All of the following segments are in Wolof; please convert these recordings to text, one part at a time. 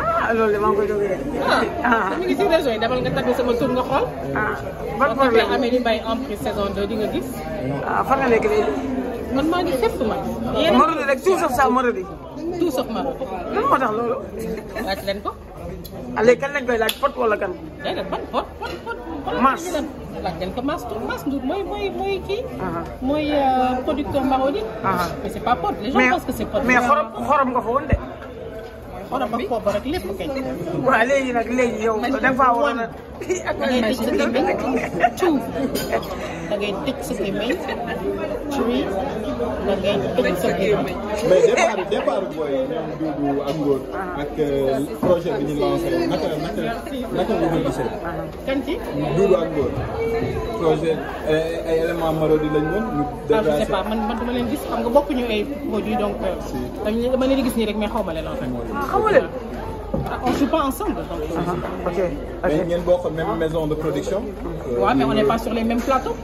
ah loolu de maa ngi koy doog ah. ah ñu ngi ci région yi demal nga tabi sama tur nga xool. ah ban problème Amélie Mbaye Emprise saison 2 di a gis. ah fan nga nekk léegi. man maa ngi fépp man. yéen Marodi rek tout sauf ça Marodi. tout sauf Marodi. lan moo tax loolu. laaj leen ko. léegi kan lañ koy laaj pot wala kan. déedéet pot pot pot pot. Mass laaj leen ko Mass Ndour Mass Ndour mooy mooy mooy kii. Ah. mooy euh, producteur Marodi. Ah. mais c'est pas pot les gens pensent que xorom bi xorom ak lépp kay. waaw léegi nag léegi yow. da nga faa waroon a. ak da ngay tëj sa gémmiñ cuub da ngay tëj sa gémmiñ cuub da ngay tëj sa gémmiñ. mais départ départ booy ñoom Doudou ak Ngor ak euh, projet bi ñu lancé naka naka naka nga ko gisee. kan ci Doudou ak Ngor projet euh, ay éléments marodi lañ woon ñu. dégagé ah, je sais pas man man dama leen gis xam nga bokkuñu ay produits donc. dañ euh, dama leen di gis nii rek mais xaw ma leen ¿Cómo le? on ne joue pas ensemble. Donc. Uh ah, -huh. Ah, okay. Okay. Mais même maison de production. Euh, mais on n'est pas sur les mêmes plateaux.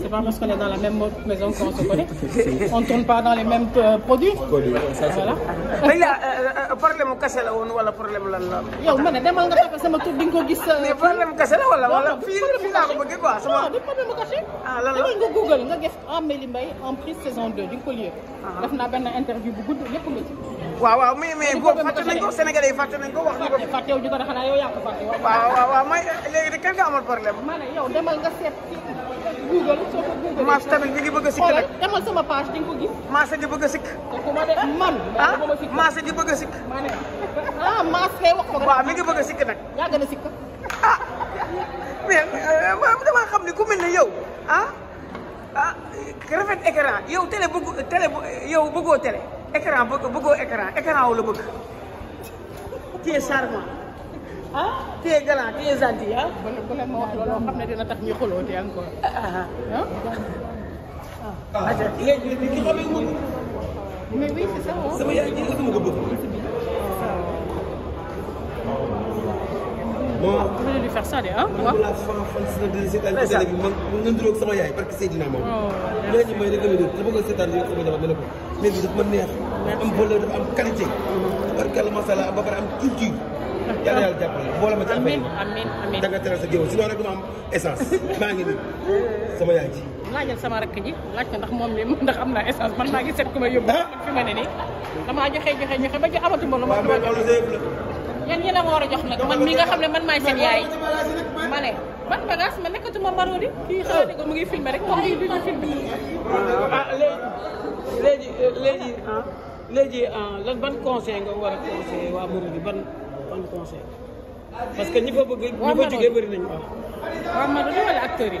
C'est pas parce qu'on est dans la même maison qu'on se connaît. on ne tourne pas dans les mêmes euh, produits. Produits, ça c'est voilà. Mais un euh, euh, problème au cassé là, on voit le problème là. Yo, man, demande pas parce là ma tour d'ingo gis. Mais problème cassé là, un problème Fille, fille là, il quoi, a va. Non, problème cassé. Ah là là. Nga Google, nga gis Amélie Mbaye en prise saison 2 du collier. Ah, Daf na ben interview bu gudd, lepp nga ci. Waaw waaw, mais mais bo fatte nañ ko sénégalais fàtte nañ ko wax ñu ko. fàtte wu ñu ko de xanaa yow yaa ko fàtte. waaw waaw waaw may léegi de kan nga amal problème. ma ne yow demal nga seet Google soo ko Google. maas tamit mi ngi bëgg a sikk nag demal sama page di nga ko gis. maas gi bëgg a sikk. man. ah maas gi bëgg a sikk. ah maas kay wax ko. waaw mi ngi bëgg a sikk nag. yaa gën a sikk. ah mais euh, dama xam ne ku mel ne yow ah ah rafet écran yow télé bëggu télé yow bëggoo télé écran bëggoo écran écran wu la bëgg. téye sarment ah téye galant téye zanti ah. bu leen ma wax looloo xam ne dina tax ñu xuloo te encore. ah ah. ah. ah? ah. ah. waaw ku mel ni faire ça de ah waaw. la fan fan si la si la si la man man duróog sama yaay parce que Seydina oh, moom. ñooñu ñu may rek a déglu dafa koy seetaan yow sama jabar ma ne ko mais bi daf ma neex. am valeur dafa am qualité. barkeel masala ba pare am culture. yàlla yàlla jàppale boole ma ci affaire yi amiin amiin da nga teral sa géwél sinon rek du ma am essence maa ngi nii sama yaay ji. laajal sama rakk ji laaj ko ndax moom mi ndax am naa essence man maa ngi seet ku may yóbbu. Ah! fi ma ne nii damaa joxe joxe joxe ba ci amatuma lu ma. waaw yan yéen a ma war a jox nag man mi nga xam ne man maay seen yaay ma ne ban bagage ma nekkatuma Marodi kii xaw ma mu ngi filmé rek moom ngi bi. ah léegi léegi léegi ah, ah, lan ban conseil nga war a conseillé waa Marodi ban ban conseil parce que ñi fa bëgg. ñi fa jógee bëri nañ waaw. Ah. waa Marodi wala acteurs yi.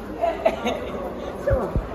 so.